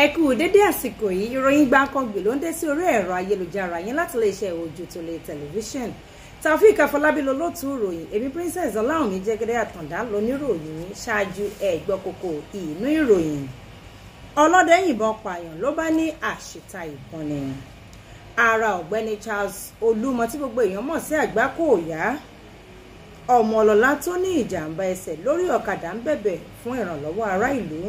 ẹ kú dédé àsìkò yìí ìròyìn gbàǹkangbè ló ń dé sí orí ẹ̀rọ ayélujára yín láti lè ṣe ojú tó lè tẹlifíṣàn taofik afọlábí lolóòtú ìròyìn èmi princess ọláwùmí jẹ́gẹ́dẹ́ àtàndá lóníròyìn yín ṣáájú ẹ̀gbọ́ kókó ìnú ìròyìn ọlọ́dẹ yìnbọn pààyàn ló bá ní àṣìta ìbọn ni ara ọ̀gbẹ́ni charles olúmọ tí gbogbo èèyàn mọ̀ sí àgbákò òyà ọmọ ọlọ́lá tó ní ìjàmbá ẹsẹ̀ lórí ọ̀kadà ń bẹ̀bẹ̀ fún ìrànlọ́wọ́ ará ìlú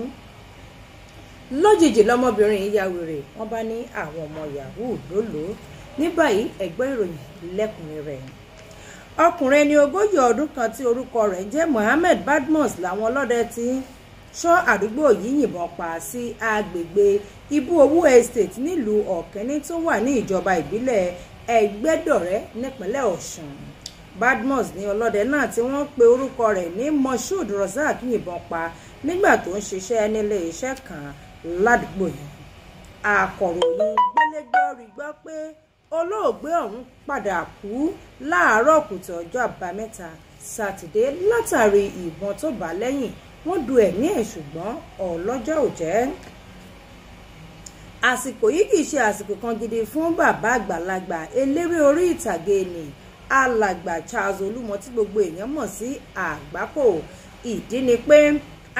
lójijì lọmọbìnrin yìí ya wèrè wọ́n bá ní àwọn ọmọ yahoo ló lò ó ní báyìí ẹgbẹ́ ìròyìn lẹ́kùnrin rẹ̀ ọkùnrin ẹni ogójì ọdún kan tí orúkọ rẹ̀ ń jẹ́ Mohammed Badmus làwọn ọlọ́dẹ ti ń ṣọ́ àdúgbò yìí yìnbọn pa sí agbègbè ibú owó estate nílùú ọ̀kẹ́ni tó wà ní ìjọba ìbílẹ̀ ẹgbẹ́dọ̀rẹ́ nípínlẹ̀ ọ̀ṣun Badmus ní ọlọ́dẹ náà tí wọ́n pe orúkọ rẹ̀ ní Moshood Rozak yìnbọn pa nígbà tó ń ṣiṣẹ́ nílé iṣẹ́ kan ládùúgbò yẹn akọ̀ròyìn gbélégbòrí gbọ́ pé olóògbé ọ̀hún padà kú láàárọ̀ kùtù ọjọ́ àbámẹ́ta sátidé látàrí ìbọn tó bá lẹ́yìn wọ́n du ẹ̀mí ẹ̀ ṣùgbọ́n ọlọ́jọ́ ò jẹ́ àsìkò yìí kì í ṣe àsìkò kan gidi fún bàbá àgbàlagbà eléré orí ìtàgé ni alàgbà Charles Olúmọ tí gbogbo èèyàn mọ̀ sí Àgbákò ìdí ni pé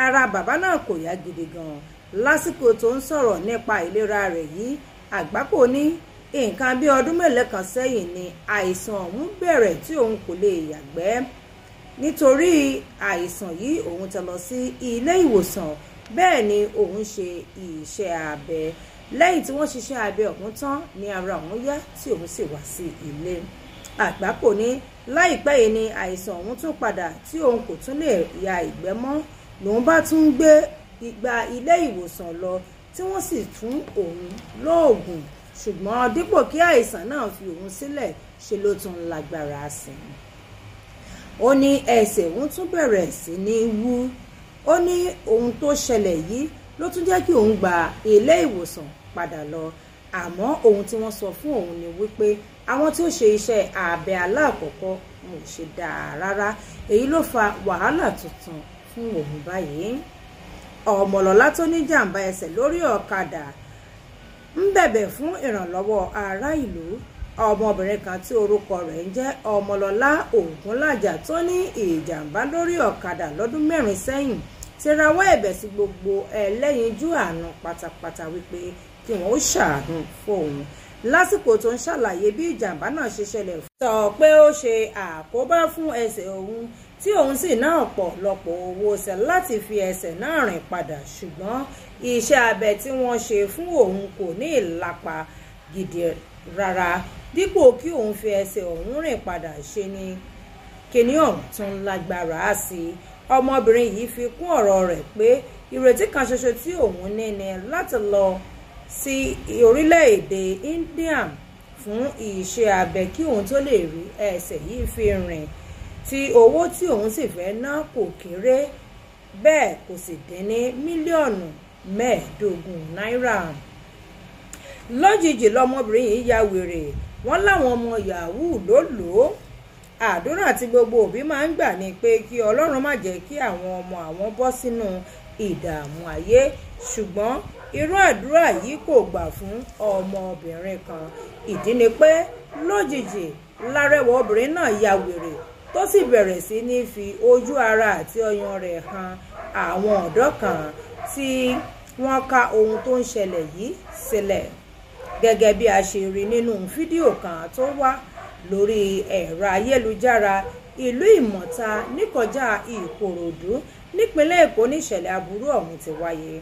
ara bàbá náà kò yá gidi gan lásìkò tó ń sọ̀rọ̀ nípa ìlera rẹ̀ yìí àgbákò ní nǹkan bí ọdún mélòó kan sẹ́yìn ni àìsàn ọ̀hún bẹ̀rẹ̀ tí òun kò lè yàgbẹ́ nítorí àìsàn yìí òun ti lọ sí ilé ìwòsàn bẹ́ẹ̀ ni òun ṣe iṣẹ́ abẹ lẹ́yìn tí wọ́n ṣiṣẹ́ abẹ ọ̀hún tán ni ara òun yá tí òun sì wá sí ilé àgbákò ní láìpẹ́ yìí ni àìsàn ọ̀hún tún padà tí òun kò tún lè ya ìgbẹ́ mọ́ lòun bá tún ń gbé igba ilé ìwòsàn lọ tí wọ́n sì fún òun lóògùn ṣùgbọ́n dípò kí àìsàn náà fi òun sílẹ̀ ṣe ló tún lágbára sí i ó ní ẹsẹ̀ òun tún bẹ̀rẹ̀ sí ní wú ó ní ohun tó ṣẹlẹ̀ yìí ló tún jẹ́ kí òun gba ilé ìwòsàn padà lọ àmọ́ ohun tí wọ́n sọ fún òun ni wípé àwọn tí ó ṣe iṣẹ́ abẹ aláàkọ́kọ́ wọn ò ṣe dáa rárá èyí ló fa wàhálà tuntun fún òun báyìí ọ̀mọ̀lọ́lá tó ní jàǹbá ẹsẹ̀ lórí ọ̀kadà ń bẹ̀bẹ̀ fún ìrànlọ́wọ́ ará ìlú ọmọbìnrin kan tí orúkọ rẹ̀ ń jẹ́ ọmọlọ́lá ògúnlàjà tó ní ìjàǹbá lórí ọ̀kadà lọ́dún mẹ́rin sẹ́yìn ti rawọ́ ẹ̀bẹ̀ sí gbogbo ẹlẹ́yinjú àánú pátápátá wípé kí wọ́n ó ṣàánú fóun lásìkò tó ń ṣàlàyé bí ìjàǹbá náà ṣe ṣẹlẹ̀ sọ pé ó ṣe àkóbá fún ẹsẹ̀ òun tí òun sì ná ọ̀pọ̀lọpọ̀ owó ṣe láti fi ẹsẹ̀ náà rìn padà ṣùgbọ́n iṣẹ́ abẹ tí wọ́n ṣe fún òun kò ní ìlapa gidi rárá dípò kí òun fi ẹsẹ̀ òun rìn padà ṣe ni kíní ọ̀hún tún lágbára sí i ọmọbìnrin yìí fi kún ọ̀rọ̀ rẹ̀ pé ìrètí kan ṣoṣo tí òun ní ni láti lọ sí orílẹ̀-èdè India fún iṣẹ́ abẹ kí òun tó lè rí ẹsẹ̀ yìí fi rìn tí owó tí òun sì fẹ́ ná kò kéré bẹ́ẹ̀ kò sì dín ní mílíọ̀nù mẹ́ẹ̀ẹ́dógún náírà lójijì lọmọbìnrin yìí ya wèrè wọn láwọn ọmọ yahoo ló lò ó àdúrà tí gbogbo òbí máa ń gbà ni pé kí ọlọ́run má jẹ́ kí àwọn ọmọ àwọn bọ́ sínú ìdààmú ayé ṣùgbọ́n irú àdúrà yìí kò gbà fún ọmọbìnrin kan ìdí ni pé lójijì lárẹwà obìnrin náà ya wèrè tó sì bẹ̀rẹ̀ sí ní fi ojú ara àti ọyàn rẹ̀ han àwọn ọ̀dọ́ kan tí wọ́n ka ohun tó ń ṣẹlẹ̀ yìí sílẹ̀ gẹ́gẹ́ bí a ṣe rí nínú fídíò kan tó wà lórí ẹ̀rọ ayélujára ìlú ìmọ̀ta níkọjá ìkòròdú nípínlẹ̀ èkó níṣẹ̀lẹ̀ aburú ọ̀hún ti wáyé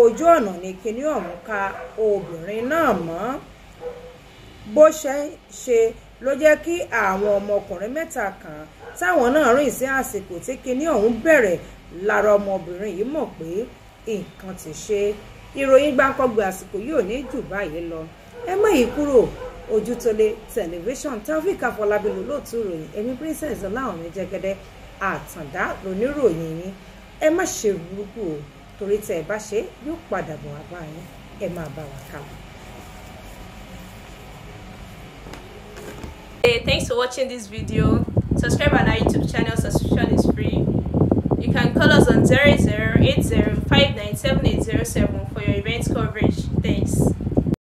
ojú ọ̀nà ni kinní ọ̀hún ka obìnrin náà mọ́ bó ṣe ṣe ló jẹ́ kí àwọn ọmọkùnrin mẹ́ta kan táwọn náà rìn sí àsìkò tí kinní ọ̀hún bẹ̀rẹ̀ lára ọmọbìnrin yìí mọ̀ pé nǹkan ti ṣe ìròyìn gbàǹkangbè àsìkò yóò ní jù báyìí lọ ẹ mọ̀ yìí kúrò ojútólé tẹlifíṣàn taofik afọlábí lòlóòtú ìròyìn èmi princess ọláwọ̀mí jẹ́gẹ́dẹ́ àtàndá lóníròyìn yín ẹ má ṣe burúkú o torí tẹ ẹ bá ṣe yóò padà bọ̀ wá báyìí ẹ máa bá wa kà Hey, thanks for watching this video. Subscribe on our YouTube channel, subscription is free. You can call us on 0080597807 for your event coverage.